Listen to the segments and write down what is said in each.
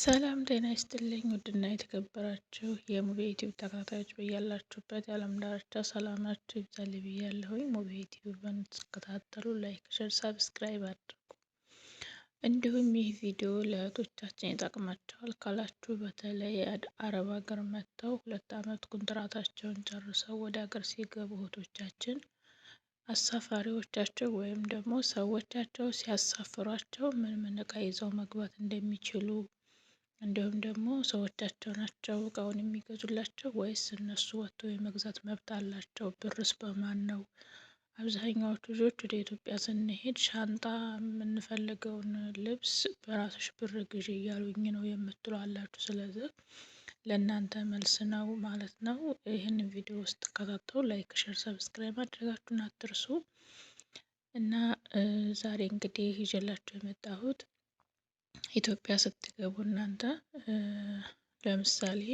ሰላም ጤና ይስጥልኝ ውድና የተከበራችሁ የሙቤ ዩቲዩብ ተከታታዮች በያላችሁበት የዓለም ዳርቻ ሰላማችሁ ይብዛል ብያለሁኝ። ሙቤ ዩቲዩብ በምትከታተሉ ላይክ፣ ሸር፣ ሳብስክራይብ አድርጉ። እንዲሁም ይህ ቪዲዮ ለእህቶቻችን ይጠቅማቸዋል ካላችሁ በተለይ አረብ ሀገር መጥተው ሁለት ዓመት ኮንትራታቸውን ጨርሰው ወደ ሀገር ሲገቡ እህቶቻችን አሳፋሪዎቻቸው ወይም ደግሞ ሰዎቻቸው ሲያሳፍሯቸው ምን ምን እቃ ይዘው መግባት እንደሚችሉ እንዲሁም ደግሞ ሰዎቻቸው ናቸው እቃውን የሚገዙላቸው ወይስ እነሱ ወጥቶ የመግዛት መብት አላቸው? ብርስ በማን ነው? አብዛኛዎቹ ልጆች ወደ ኢትዮጵያ ስንሄድ ሻንጣ የምንፈልገውን ልብስ በራስሽ ብር ግዢ እያሉኝ ነው የምትሉ አላችሁ። ስለዚህ ለእናንተ መልስ ነው ማለት ነው። ይህን ቪዲዮ ውስጥ ከታተው ላይክ፣ ሸር፣ ሰብስክራይብ ማድረጋችሁን አትርሱ እና ዛሬ እንግዲህ ይዤላችሁ የመጣሁት ኢትዮጵያ ስትገቡ እናንተ ለምሳሌ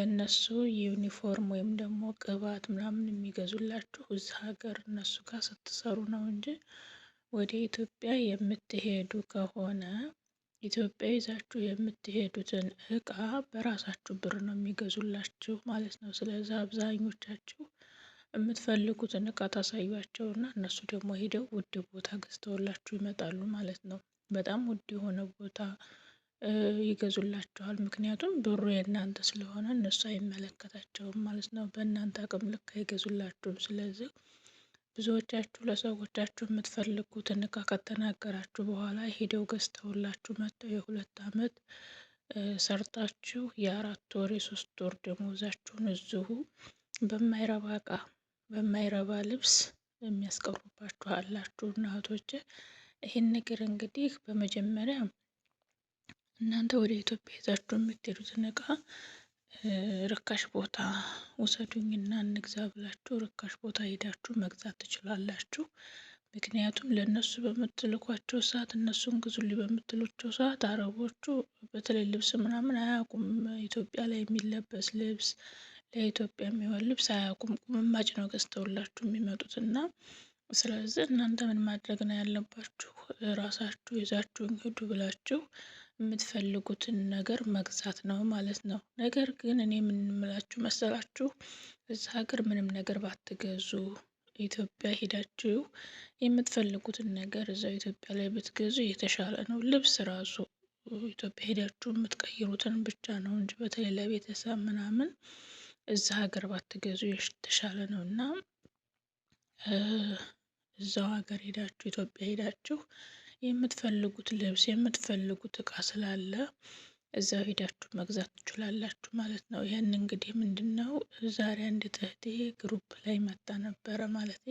እነሱ ዩኒፎርም ወይም ደግሞ ቅባት ምናምን የሚገዙላችሁ እዚህ ሀገር እነሱ ጋር ስትሰሩ ነው እንጂ ወደ ኢትዮጵያ የምትሄዱ ከሆነ ኢትዮጵያ ይዛችሁ የምትሄዱትን እቃ በራሳችሁ ብር ነው የሚገዙላችሁ ማለት ነው። ስለዚህ አብዛኞቻችሁ የምትፈልጉትን እቃ ታሳዩአቸው እና እነሱ ደግሞ ሄደው ውድ ቦታ ገዝተውላችሁ ይመጣሉ ማለት ነው። በጣም ውድ የሆነ ቦታ ይገዙላችኋል። ምክንያቱም ብሩ የእናንተ ስለሆነ እነሱ አይመለከታቸውም ማለት ነው። በእናንተ አቅም ልክ አይገዙላችሁም። ስለዚህ ብዙዎቻችሁ ለሰዎቻችሁ የምትፈልጉትን እቃ ከተናገራችሁ በኋላ ሄደው ገዝተውላችሁ መጥተው የሁለት አመት ሰርታችሁ የአራት ወር የሶስት ወር ደሞዛችሁን እዚሁ በማይረባ እቃ በማይረባ ልብስ የሚያስቀሩባችሁ አላችሁ። እና ይህን ነገር እንግዲህ በመጀመሪያ እናንተ ወደ ኢትዮጵያ ይዛችሁ የምትሄዱትን እቃ ርካሽ ቦታ ውሰዱኝና እንግዛ ብላችሁ ርካሽ ቦታ ሄዳችሁ መግዛት ትችላላችሁ። ምክንያቱም ለእነሱ በምትልኳቸው ሰዓት እነሱን ግዙልኝ በምትሏቸው ሰዓት አረቦቹ በተለይ ልብስ ምናምን አያውቁም። ኢትዮጵያ ላይ የሚለበስ ልብስ ለኢትዮጵያ የሚሆን ልብስ አያውቁም። ቁምማጭ ነው ገዝተውላችሁ የሚመጡት እና ስለዚህ እናንተ ምን ማድረግ ነው ያለባችሁ? ራሳችሁ ይዛችሁ ሂዱ ብላችሁ የምትፈልጉትን ነገር መግዛት ነው ማለት ነው። ነገር ግን እኔ የምንምላችሁ መሰላችሁ እዛ ሀገር ምንም ነገር ባትገዙ ኢትዮጵያ ሄዳችሁ የምትፈልጉትን ነገር እዛው ኢትዮጵያ ላይ ብትገዙ የተሻለ ነው። ልብስ ራሱ ኢትዮጵያ ሄዳችሁ የምትቀይሩትን ብቻ ነው እንጂ በተለይ ለቤተሰብ ምናምን እዛ ሀገር ባትገዙ የተሻለ ነው እና እዛው ሀገር ሄዳችሁ ኢትዮጵያ ሄዳችሁ የምትፈልጉት ልብስ የምትፈልጉት እቃ ስላለ እዛው ሄዳችሁ መግዛት ትችላላችሁ ማለት ነው። ያን እንግዲህ ምንድን ነው ዛሬ አንድ እህቴ ግሩፕ ላይ መጣ ነበረ ማለት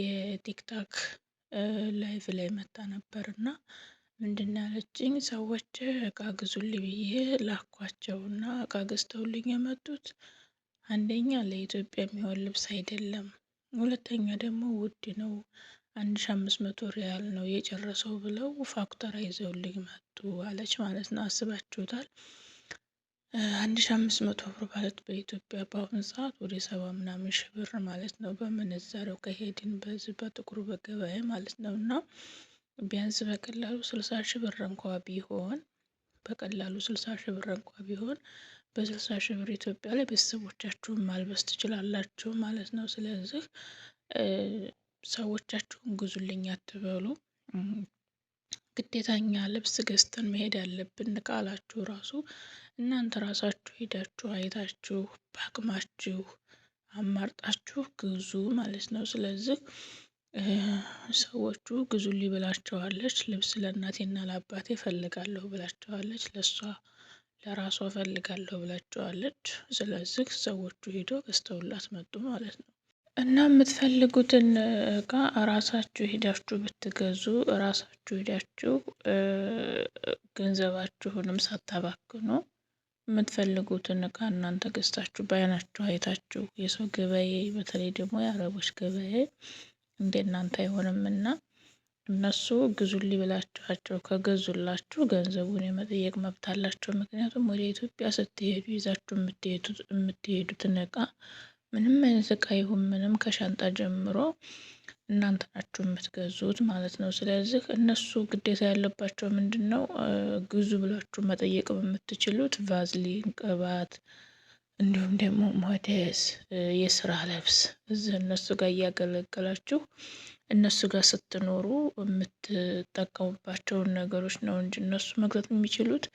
የቲክታክ ላይቭ ላይ መጣ ነበር እና ምንድን ያለችኝ ሰዎች እቃ ግዙልኝ ብዬ ላኳቸው እና እቃ ገዝተውልኝ የመጡት አንደኛ ለኢትዮጵያ የሚሆን ልብስ አይደለም ሁለተኛ ደግሞ ውድ ነው አንድ ሺ አምስት መቶ ሪያል ነው የጨረሰው ብለው ፋክተር አይዘውልኝ መጡ አለች ማለት ነው። አስባችሁታል? አንድ ሺ አምስት መቶ ብር ማለት በኢትዮጵያ በአሁኑ ሰዓት ወደ ሰባ ምናምን ሺ ብር ማለት ነው። በምንዛረው ከሄድን በዚህ በጥቁር በገበያ ማለት ነው እና ቢያንስ በቀላሉ ስልሳ ሺ ብር እንኳ ቢሆን በቀላሉ ስልሳ ሺ ብር እንኳ ቢሆን በስልሳ ሺህ ብር ኢትዮጵያ ላይ ቤተሰቦቻችሁን ማልበስ ትችላላችሁ ማለት ነው። ስለዚህ ሰዎቻችሁን ግዙልኝ አትበሉ። ግዴታኛ ልብስ ገዝተን መሄድ ያለብን ቃላችሁ ራሱ እናንተ ራሳችሁ ሄዳችሁ አይታችሁ በአቅማችሁ አማርጣችሁ ግዙ ማለት ነው። ስለዚህ ሰዎቹ ግዙ ብላቸዋለች። ልብስ ለእናቴና ለአባቴ ፈልጋለሁ ብላቸዋለች ለእሷ ለራሷ ፈልጋለሁ ብላችኋለች። ስለዚህ ሰዎቹ ሄዶ ገዝተውላት መጡ ማለት ነው። እና የምትፈልጉትን እቃ ራሳችሁ ሄዳችሁ ብትገዙ ራሳችሁ ሄዳችሁ ገንዘባችሁንም ሳታባክኑ የምትፈልጉትን እቃ እናንተ ገዝታችሁ በአይናችሁ አይታችሁ የሰው ገበያ፣ በተለይ ደግሞ የአረቦች ገበያ እንደ እናንተ አይሆንም እና እነሱ ግዙልኝ ብላችኋቸው ከገዙላችሁ ገንዘቡን የመጠየቅ መብት አላቸው። ምክንያቱም ወደ ኢትዮጵያ ስትሄዱ ይዛችሁ የምትሄዱትን እቃ ምንም አይነት እቃ ይሁን ምንም ከሻንጣ ጀምሮ እናንተ ናችሁ የምትገዙት ማለት ነው። ስለዚህ እነሱ ግዴታ ያለባቸው ምንድን ነው? ግዙ ብላችሁ መጠየቅ በምትችሉት ቫዝሊን፣ ቅባት እንዲሁም ደግሞ ሞዴስ የስራ ልብስ እዚህ እነሱ ጋር እያገለገላችሁ እነሱ ጋር ስትኖሩ የምትጠቀሙባቸውን ነገሮች ነው እንጂ እነሱ መግዛት የሚችሉት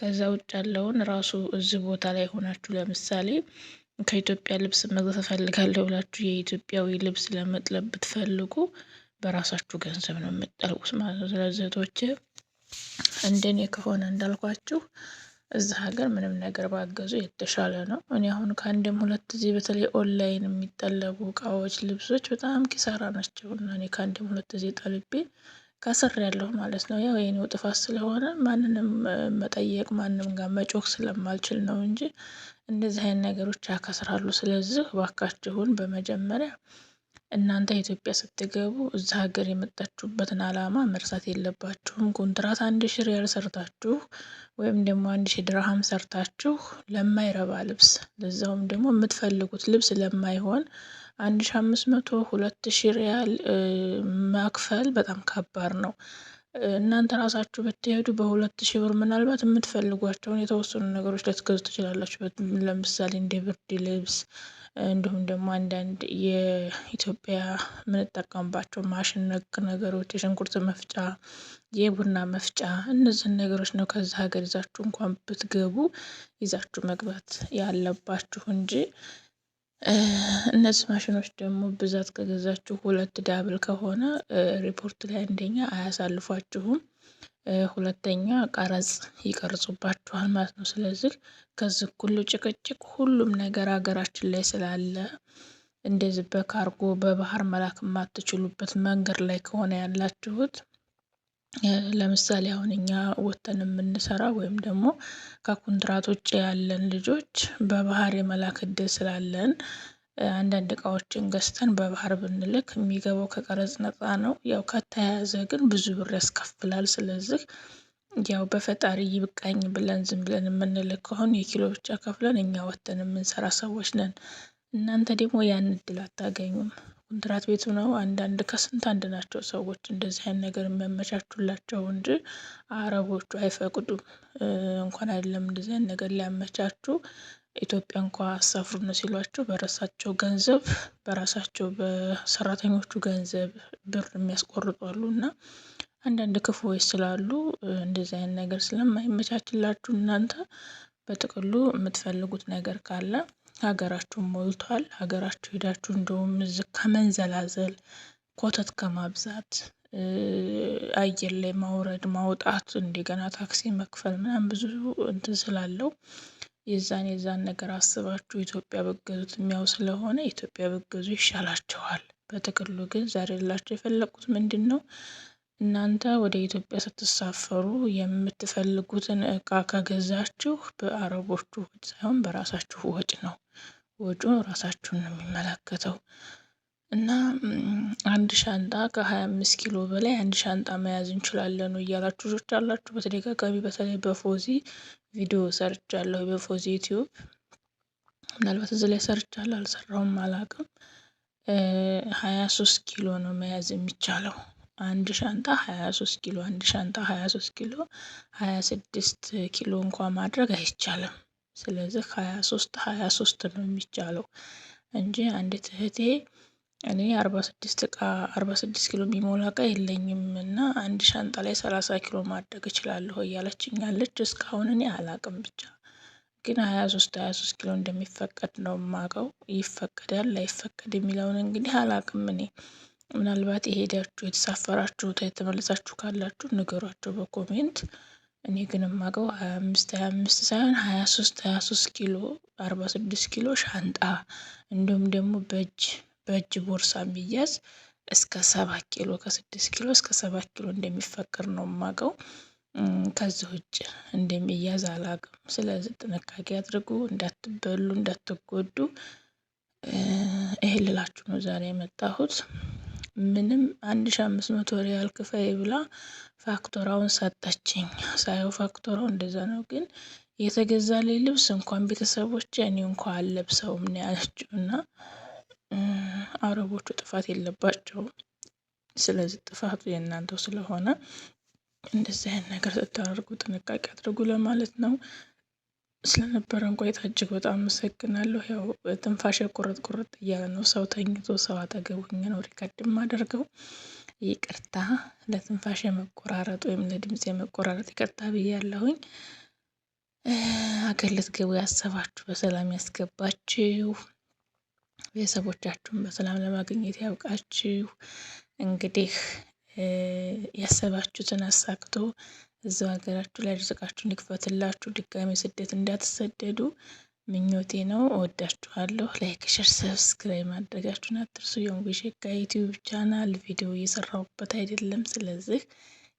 ከዛ ውጭ ያለውን ራሱ እዚህ ቦታ ላይ ሆናችሁ ለምሳሌ ከኢትዮጵያ ልብስ መግዛት እፈልጋለሁ ብላችሁ የኢትዮጵያዊ ልብስ ለመጥለብ ብትፈልጉ በራሳችሁ ገንዘብ ነው የምትጠልቁት ማለት ነው። ስለዚህ እህቶቼ እንደኔ ከሆነ እንዳልኳችሁ እዛ ሀገር ምንም ነገር ባገዙ የተሻለ ነው። እኔ አሁን ከአንድም ሁለት ጊዜ በተለይ ኦንላይን የሚጠለቡ እቃዎች፣ ልብሶች በጣም ኪሳራ ናቸው እና እኔ ከአንድም ሁለት ጊዜ ጠልቤ ከስር ያለሁ ማለት ነው። ያው የኔው ጥፋት ስለሆነ ማንንም መጠየቅ ማንም ጋር መጮክ ስለማልችል ነው እንጂ እንደዚህ አይነት ነገሮች ያከስራሉ። ስለዚህ እባካችሁን በመጀመሪያ እናንተ ኢትዮጵያ ስትገቡ እዛ ሀገር የመጣችሁበትን ዓላማ መርሳት የለባችሁም። ኮንትራት አንድ ሺ ሪያል ሰርታችሁ ወይም ደግሞ አንድ ሺ ድርሃም ሰርታችሁ ለማይረባ ልብስ ለዛውም ደግሞ የምትፈልጉት ልብስ ለማይሆን አንድ ሺ አምስት መቶ ሁለት ሺ ሪያል ማክፈል በጣም ከባድ ነው። እናንተ ራሳችሁ ብትሄዱ በሁለት ሺ ብር ምናልባት የምትፈልጓቸውን የተወሰኑ ነገሮች ልትገዙ ትችላላችሁ። ለምሳሌ እንደ ብርድ ልብስ እንዲሁም ደግሞ አንዳንድ የኢትዮጵያ የምንጠቀምባቸው ማሽን ነክ ነገሮች የሽንኩርት መፍጫ፣ የቡና መፍጫ እነዚህን ነገሮች ነው ከዛ ሀገር ይዛችሁ እንኳን ብትገቡ ይዛችሁ መግባት ያለባችሁ እንጂ እነዚህ ማሽኖች ደግሞ ብዛት ከገዛችሁ ሁለት ዳብል ከሆነ ሪፖርት ላይ አንደኛ አያሳልፏችሁም። ሁለተኛ ቀረጽ ይቀርጹባችኋል ማለት ነው። ስለዚህ ከዚህ ሁሉ ጭቅጭቅ ሁሉም ነገር ሀገራችን ላይ ስላለ እንደዚህ በካርጎ በባህር መላክ የማትችሉበት መንገድ ላይ ከሆነ ያላችሁት ለምሳሌ አሁን እኛ ወተን የምንሰራ ወይም ደግሞ ከኮንትራት ውጭ ያለን ልጆች በባህር የመላክ እድል ስላለን አንዳንድ እቃዎችን ገዝተን በባህር ብንልክ የሚገባው ከቀረጽ ነፃ ነው። ያው ከተያዘ ግን ብዙ ብር ያስከፍላል። ስለዚህ ያው በፈጣሪ ይብቃኝ ብለን ዝም ብለን የምንልክ ከሆን የኪሎ ብቻ ከፍለን እኛ ወተን የምንሰራ ሰዎች ነን። እናንተ ደግሞ ያን እድል አታገኙም። ኮንትራት ቤቱ ነው። አንዳንድ ከስንት አንድ ናቸው ሰዎች እንደዚህ አይነት ነገር የሚያመቻቹላቸው እንጂ አረቦቹ አይፈቅዱም። እንኳን አይደለም እንደዚህ አይነት ነገር ሊያመቻቹ ኢትዮጵያ እንኳ ነው ሲሏቸው በራሳቸው ገንዘብ በራሳቸው በሰራተኞቹ ገንዘብ ብር የሚያስቆርጧሉ እና አንዳንድ ክፉዎች ስላሉ እንደዚህ አይነት ነገር ስለማይመቻችላችሁ እናንተ በጥቅሉ የምትፈልጉት ነገር ካለ ሀገራችሁ ሞልቷል። ሀገራችሁ ሄዳችሁ እንደውም ከመንዘላዘል ኮተት ከማብዛት አየር ላይ ማውረድ ማውጣት፣ እንደገና ታክሲ መክፈል ምናምን ብዙ እንትን ስላለው የዛን የዛን ነገር አስባችሁ ኢትዮጵያ በገዙት የሚያው ስለሆነ ኢትዮጵያ በገዙ ይሻላቸዋል በጥቅሉ ግን ዛሬ ላቸው የፈለኩት ምንድን ነው እናንተ ወደ ኢትዮጵያ ስትሳፈሩ የምትፈልጉትን እቃ ከገዛችሁ በአረቦቹ ወጪ ሳይሆን በራሳችሁ ወጪ ነው። ወጪው ራሳችሁን ነው የሚመለከተው። እና አንድ ሻንጣ ከሀያ አምስት ኪሎ በላይ አንድ ሻንጣ መያዝ እንችላለን እያላችሁ ልጆች አላችሁ። በተደጋጋሚ በተለይ በፎዚ ቪዲዮ ሰርቻለሁ። በፎዚ ዩቲዩብ ምናልባት እዚህ ላይ ሰርቻለሁ አልሰራውም አላውቅም። ሀያ ሶስት ኪሎ ነው መያዝ የሚቻለው አንድ ሻንጣ 23 ኪሎ አንድ ሻንጣ 23 ኪሎ 26 ኪሎ እንኳ ማድረግ አይቻልም። ስለዚህ 23 23 ነው የሚቻለው እንጂ አንዲት እህቴ እኔ 46 እቃ 46 ኪሎ የሚሞላ እቃ የለኝም እና አንድ ሻንጣ ላይ 30 ኪሎ ማድረግ እችላለሁ እያለችኝ ያለች እስካሁን እኔ አላቅም ብቻ ግን 23 23 ኪሎ እንደሚፈቀድ ነው የማውቀው። ይፈቀዳል ላይፈቀድ የሚለውን እንግዲህ አላቅም እኔ ምናልባት የሄዳችሁ የተሳፈራችሁት የተመለሳችሁ ካላችሁ ንገሯቸው በኮሜንት። እኔ ግን የማውቀው ሀያ አምስት ሀያ አምስት ሳይሆን ሀያ ሶስት ሀያ ሶስት ኪሎ አርባ ስድስት ኪሎ ሻንጣ እንዲሁም ደግሞ በእጅ በእጅ ቦርሳ የሚያዝ እስከ ሰባት ኪሎ ከስድስት ኪሎ እስከ ሰባት ኪሎ እንደሚፈቅር ነው የማውቀው። ከዚህ ውጭ እንደሚያዝ አላውቅም። ስለዚህ ጥንቃቄ አድርጉ፣ እንዳትበሉ፣ እንዳትጎዱ። ይሄ ልላችሁ ነው ዛሬ የመጣሁት። ምንም አንድ ሺ አምስት መቶ ሪያል ክፈይ ብላ ፋክቶራውን ሰጠችኝ። ሳየው ፋክቶራው እንደዛ ነው፣ ግን የተገዛልኝ ልብስ እንኳን ቤተሰቦች እኔ እንኳ አለብሰውም ነው ያለችው። እና አረቦቹ ጥፋት የለባቸውም። ስለዚህ ጥፋቱ የእናንተው ስለሆነ እንደዚህ አይነት ነገር ስታደርጉ ጥንቃቄ አድርጉ ለማለት ነው። ስለነበረን ቆይታ እጅግ በጣም አመሰግናለሁ። ያው ትንፋሽ ቁርጥ ቁርጥ እያለ ነው ሰው ተኝቶ ሰው አጠገቡ ሆኜ ነው ሪከርድ የማደርገው። ይቅርታ ለትንፋሽ የመቆራረጥ ወይም ለድምፅ የመቆራረጥ ይቅርታ ብያለሁኝ። አገር ልትገቡ ያሰባችሁ በሰላም ያስገባችሁ፣ ቤተሰቦቻችሁን በሰላም ለማግኘት ያብቃችሁ። እንግዲህ ያሰባችሁትን አሳክቶ እዛው ሀገራችሁ ላይ ርዝቃችሁን ይክፈትላችሁ። ድጋሚ ስደት እንዳትሰደዱ ምኞቴ ነው። እወዳችኋለሁ። ላይክ፣ ሸር፣ ሰብስክራይብ ማድረጋችሁን አትርሱ። የወንጌሸጋ ዩቲዩብ ቻናል ቪዲዮ እየሰራሁበት አይደለም። ስለዚህ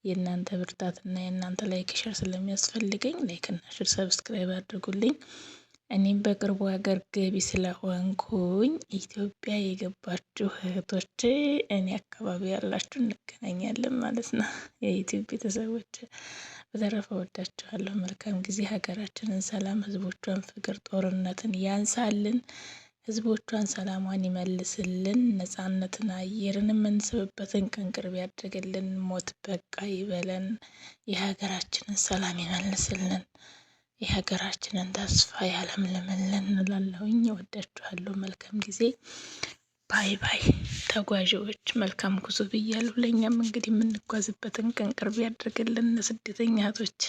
የእናንተ ብርታትና የእናንተ ላይክ ሸር ስለሚያስፈልገኝ ላይክና ሸር ሰብስክራይብ አድርጉልኝ። እኔም በቅርቡ ሀገር ገቢ ስለሆንኩኝ ኢትዮጵያ የገባችሁ እህቶች እኔ አካባቢ ያላችሁ እንገናኛለን ማለት ነው። የዩቲዩብ ቤተሰቦች በተረፈ ወዳችኋለሁ። መልካም ጊዜ። ሀገራችንን ሰላም፣ ህዝቦቿን ፍቅር፣ ጦርነትን ያንሳልን። ህዝቦቿን ሰላሟን ይመልስልን። ነፃነትን፣ አየርን የምንስብበትን ቀን ቅርብ ሞት በቃ ይበለን። የሀገራችንን ሰላም ይመልስልን። የሀገራችንን ተስፋ ያለምልምልን እንላለሁኝ። እወዳችኋለሁ። መልካም ጊዜ። ባይ ባይ። ተጓዦች መልካም ጉዞ ብያለሁ። ለእኛም እንግዲህ የምንጓዝበትን ቀን ቅርብ ያድርግልን። ስደተኛቶች